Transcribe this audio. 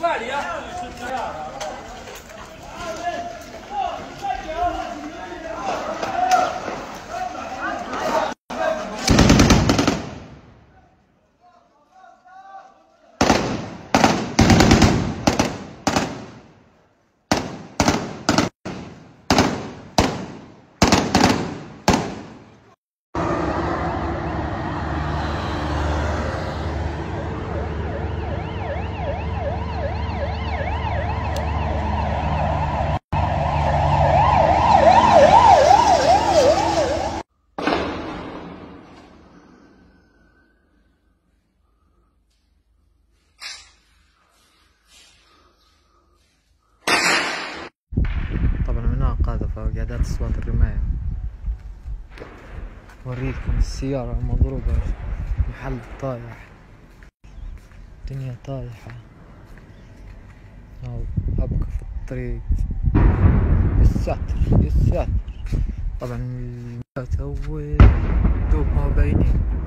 快点！فقعدت اصوات الرماية وريكم السيارة المضروبه محل طايح الدنيا طايحة أو أبقى في الطريق الساتر الساتر طبعا الموت أول دوب ما باينين